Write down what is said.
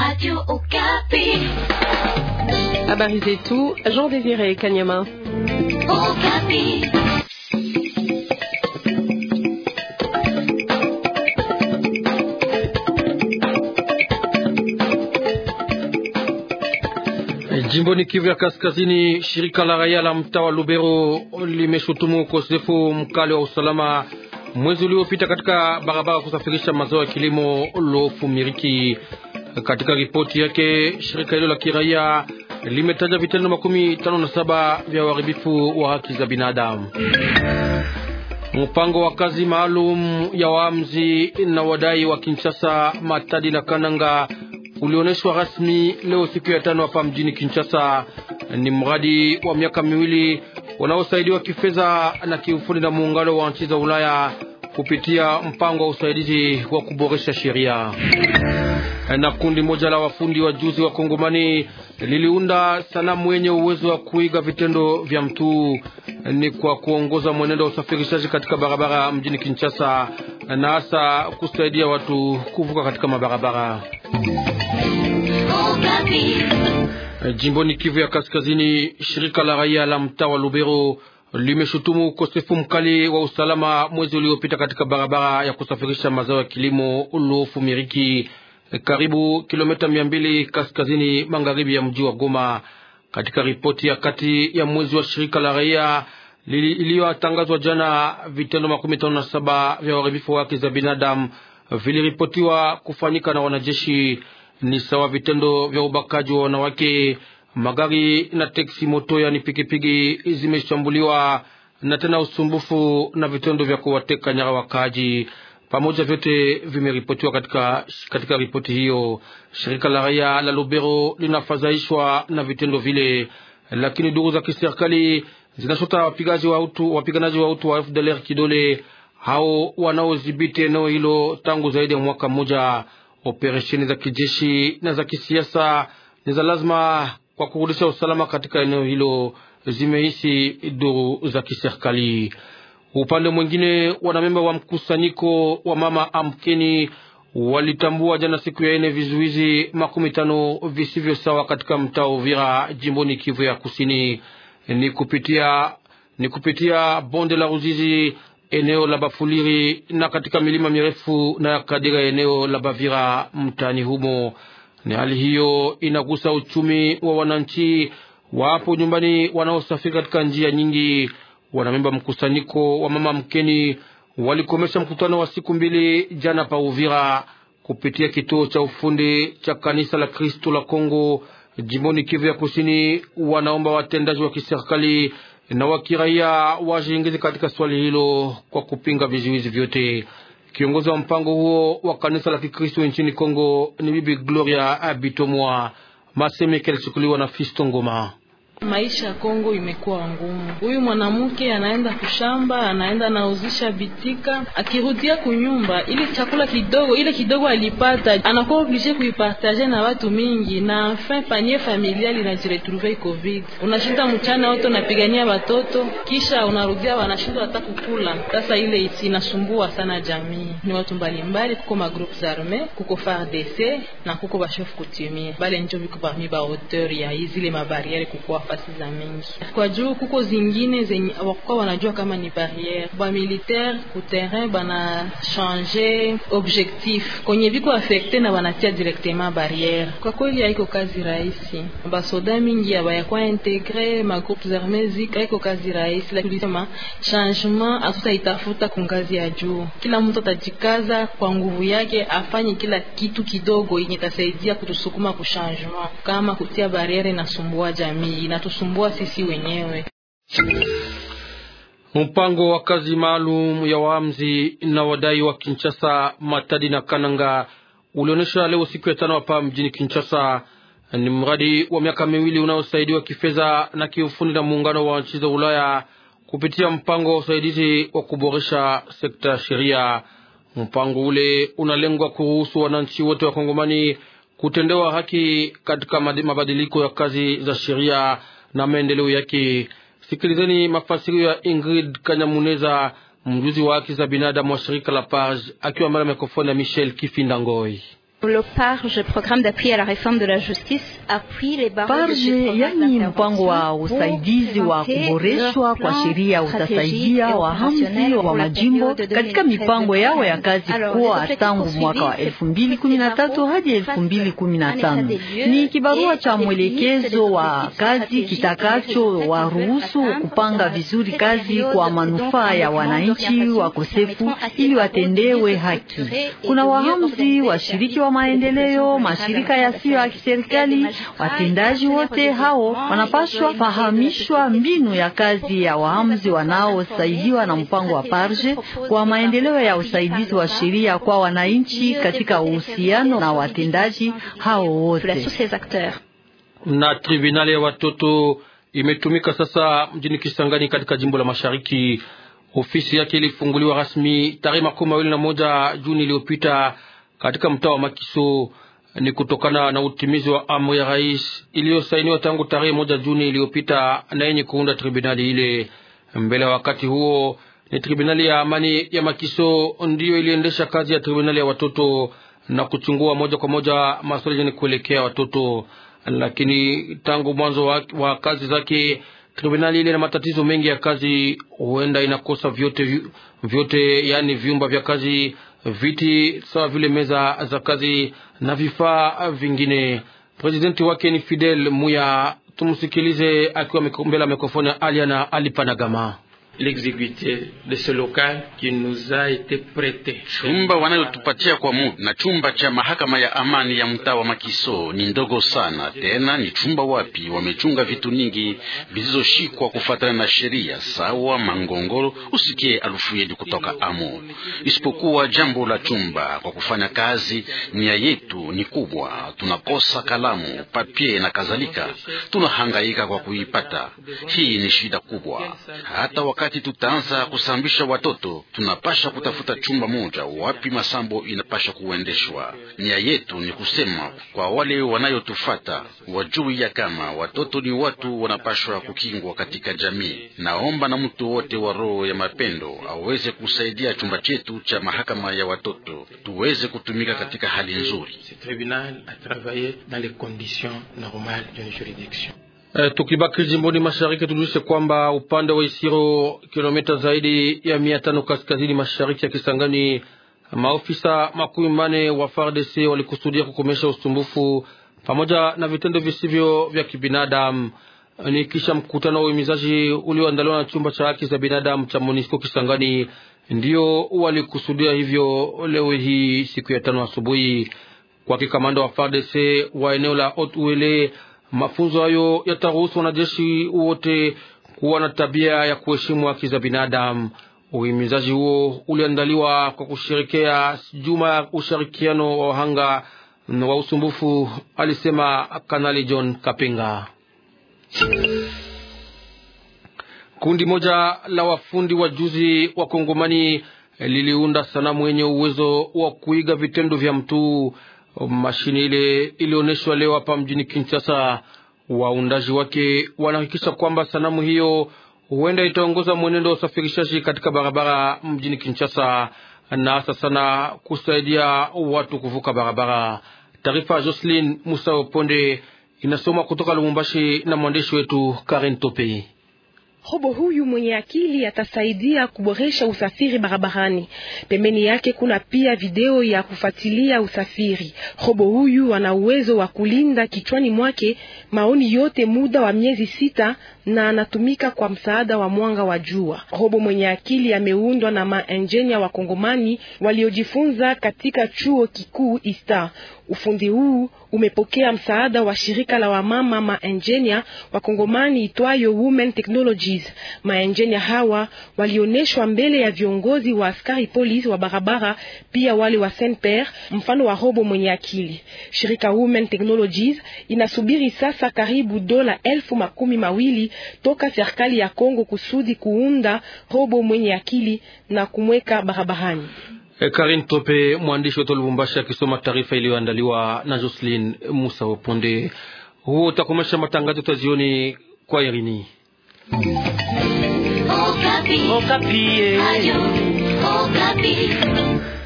Radio Okapi. Habari zetu, Jean Désiré Kanyama. Okapi. Eh, Jimboni Kivu ya Kaskazini, shirika la raia la mtaa wa Lubero limeshutumu ukosefu mkali wa usalama mwezi uliopita katika barabara kusafirisha mazao ya kilimo lofu miriki. Katika ripoti yake shirika hilo la kiraia limetaja vitendo makumi tano na saba vya uharibifu wa haki za binadamu. Mpango wa kazi maalum ya waamzi na wadai wa Kinshasa, Matadi na Kananga ulioneshwa rasmi leo siku ya tano hapa mjini Kinshasa. Ni mradi wa miaka miwili wanaosaidiwa kifedha na kiufundi na muungano wa nchi za Ulaya kupitia mpango wa usaidizi wa kuboresha sheria. Na kundi moja la wafundi wa juzi wa Kongomani liliunda sanamu yenye uwezo wa kuiga vitendo vya mtu ni kwa kuongoza mwenendo wa usafirishaji katika barabara mjini Kinshasa na hasa kusaidia watu kuvuka katika mabarabara. Jimboni Kivu ya Kaskazini, shirika la raia la mtaa wa Lubero limeshutumu ukosefu mkali wa usalama mwezi uliopita katika barabara ya kusafirisha mazao ya kilimo Luofu Miriki, karibu kilomita mia mbili kaskazini magharibi ya mji wa Goma. Katika ripoti ya kati ya mwezi wa shirika la raia iliyotangazwa jana, vitendo makumi tano na saba vya uharibifu wa haki za binadamu viliripotiwa kufanyika na wanajeshi, ni sawa vitendo vya ubakaji wa wanawake Magari na teksi moto, yani pikipiki, zimeshambuliwa na tena usumbufu na vitendo vya kuwateka nyara wakaji pamoja, vyote vimeripotiwa katika, katika ripoti hiyo. Shirika la raia la Lubero linafadhaishwa na vitendo vile, lakini duru za kiserikali zinashota wapiganaji wa utu, wapiganaji wa utu wa FDLR kidole hao wanaodhibiti eneo hilo tangu zaidi ya mwaka mmoja. Operesheni za kijeshi na za kisiasa ni za lazima kwa kurudisha usalama katika eneo hilo, zimehisi duru za kiserikali. Upande mwingine, wanamemba wa mkusanyiko wa mama amkeni walitambua jana siku ya ine vizuizi makumi tano visivyo sawa katika mtaa Uvira jimboni Kivu ya Kusini, ni kupitia, ni kupitia bonde la Ruzizi eneo la Bafuliri na katika milima mirefu na Kadira eneo la Bavira mtaani humo. Ni hali hiyo inagusa uchumi wa wananchi, wapo nyumbani wanaosafiri katika njia nyingi. Wanamemba mkusanyiko wa mama mkeni walikomesha mkutano wa siku mbili jana pa Uvira kupitia kituo cha ufundi cha kanisa la Kristo la Kongo jimboni Kivu ya Kusini. Wanaomba watendaji wa kiserikali na wa kiraia wajiingize katika swali hilo kwa kupinga vizuizi vyote. Kiongozi wa mpango huo wa kanisa la Kikristo nchini Kongo ni Bibi Gloria Abitomwa. Maseme yake na Fisto Ngoma. Maisha ya Kongo imekuwa ngumu. Huyu mwanamke anaenda kushamba, anaenda nauzisha bitika, akirudia kunyumba, ili chakula kidogo ile kidogo alipata anakuwa oblige kuipartage na watu mingi, na enfin panier familia linajiretrouve covid. Unashinda mchana wote unapigania watoto, kisha unarudia wanashindwa hata kukula. Sasa ile inasumbua sana jamii. Ni watu mbalimbali, kuko magroups arme, kuko FARDC na kuko bashofu kutimia bale njo viko parmi ba auteur ya hizi le mabariere kukua nafasi za mingi kwa juu, kuko zingine zenye wakuwa wanajua kama ni barriere. Ba militaire ku terrain bana change objectif kwenye viko affecte na wanatia directement barriere. Kwa kweli haiko kazi rahisi, basoda mingi abayakwa integre ma groupe armes zika, haiko kazi rahisi, lakini tulisema changement hatutaitafuta ku ngazi ya juu. Kila mtu atajikaza kwa nguvu yake afanye kila kitu kidogo yenye tasaidia kutusukuma ku changement, kama kutia barriere inasumbua jamii na inatusumbua sisi wenyewe. Mpango wa kazi maalum ya waamzi na wadai wa Kinshasa, Matadi na Kananga ulionyesha leo siku ya tano hapa mjini Kinshasa. Ni mradi wa miaka miwili unaosaidiwa kifedha na kiufundi na muungano wa nchi za Ulaya kupitia mpango wa usaidizi wa kuboresha sekta ya sheria. Mpango ule unalengwa kuruhusu wananchi wote wa Kongomani kutendewa haki katika mabadiliko ya kazi za sheria na maendeleo yake. Sikilizeni mafasirio ya Ingrid Kanyamuneza, mjuzi wa haki za binadamu wa shirika la Page, akiwa mbele ya mikrofoni ya Michel Kifindangoi. Farje yani mpango wa usaidizi wa kuboreshwa kwa sheria utasaidia wahamzi wa majimbo katika mipango yao ya kazi kuwa tangu mwaka wa 2013 hadi 2015. Ni kibarua cha mwelekezo wa kazi kitakacho waruhusu kupanga vizuri kazi kwa manufaa ya wananchi wakosefu ili watendewe haki. Kuna wahamzi washiriki wa maendeleo, mashirika yasiyo ya kiserikali, watendaji wote hao wanapaswa fahamishwa mbinu ya kazi ya waamuzi wanaosaidiwa na mpango wa Parje kwa maendeleo ya usaidizi wa sheria kwa wananchi katika uhusiano na watendaji hao wote. Na tribunali ya watoto imetumika sasa mjini Kisangani katika jimbo la Mashariki. Ofisi yake ilifunguliwa rasmi tarehe makumi mawili na moja Juni iliyopita katika mtaa wa Makiso ni kutokana na utimizi wa amri ya rais iliyosainiwa tangu tarehe moja Juni iliyopita na yenye kuunda tribunali ile. Mbele ya wakati huo ni tribunali ya amani ya Makiso ndiyo iliendesha kazi ya tribunali ya watoto na kuchungua moja kwa moja maswali yenye kuelekea watoto, lakini tangu mwanzo wa, wa kazi zake tribunali ile na matatizo mengi ya kazi, huenda inakosa vyote, vyote yani vyumba vya kazi viti sawa vile meza za kazi na vifaa vingine. Presidenti wake ni Fidel Muya. Tumsikilize akiwa mbele ya mikrofoni ya Aliana Alipanagama l'exiguïté de ce local qui nous a été prêté. Chumba wanayotupatia kwa muda na chumba cha mahakama ya amani ya mtaa wa Makiso ni ndogo sana, tena ni chumba wapi wamechunga vitu nyingi zilizoshikwa kufuatana na sheria sawa mangongoro, usikie alufu yedi kutoka amo, isipokuwa jambo la chumba kwa kufanya kazi. Nia yetu ni kubwa, tunakosa kalamu, papie na kadhalika, tunahangaika kwa kuipata. Hii ni shida kubwa, hata wakati wakati tutaanza kusambisha watoto, tunapasha kutafuta chumba moja wapi masambo inapasha kuendeshwa. Nia yetu ni kusema kwa wale wanayotufata wajui ya kama watoto ni watu wanapashwa kukingwa katika jamii. Naomba na mtu wote wa roho ya mapendo aweze kusaidia chumba chetu cha mahakama ya watoto tuweze kutumika katika hali nzuri. E, tukibaki jimboni mashariki tujulishe kwamba upande wa Isiro kilomita zaidi ya mia tano kaskazini mashariki ya Kisangani, maofisa makumi manne wa FARDC walikusudia kukomesha usumbufu pamoja na vitendo visivyo vya kibinadamu eh, ni kisha mkutano wa uhimizaji ulioandaliwa na chumba cha haki za binadamu cha MONUSCO Kisangani, ndio walikusudia hivyo leo hii siku ya tano asubuhi, kwake kamanda wa FARDC wa eneo la Otuele Mafunzo hayo yataruhusu wanajeshi wote kuwa na tabia ya kuheshimu haki za binadamu. Uhimizaji huo uliandaliwa kwa kushirikia juma ya ushirikiano wa wahanga wa usumbufu, alisema Kanali John Kapinga. Kundi moja la wafundi wa juzi wa Kongomani liliunda sanamu yenye uwezo wa kuiga vitendo vya mtu Mashini ile ilionyeshwa leo hapa mjini Kinshasa. Waundaji wake wanahakikisha kwamba sanamu hiyo huenda itaongoza mwenendo wa usafirishaji katika barabara mjini Kinshasa na hasa sana kusaidia watu kuvuka barabara. Taarifa joselin Musa Oponde inasoma kutoka Lubumbashi na mwandishi wetu Karin Topei. Robo huyu mwenye akili atasaidia kuboresha usafiri barabarani. Pembeni yake kuna pia video ya kufuatilia usafiri. Robo huyu ana uwezo wa kulinda kichwani mwake maoni yote muda wa miezi sita na anatumika kwa msaada wa mwanga wa jua. Robo mwenye akili ameundwa na maenjenia wa Kongomani waliojifunza katika chuo kikuu Ista. Ufundi huu umepokea msaada wa shirika la wamama wa wakongomani itwayo Women Technologies. Maenjenia hawa walioneshwa mbele ya viongozi wa askari polisi wa barabara, pia wale wa Saint Pierre, mfano wa robo mwenye akili. Shirika Women Technologies inasubiri sasa karibu dola elfu makumi mawili toka serikali ya Kongo kusudi kuunda robo mwenye akili na kumweka barabarani. Eh, Karin Tope, mwandishi wetu Lubumbashi, akisoma taarifa iliyoandaliwa na Jocelyn Musa Oponde. Huo utakomesha matangazo tajioni kwa Irini Okapi. Oh, Okapi. Oh, eh. Okapi.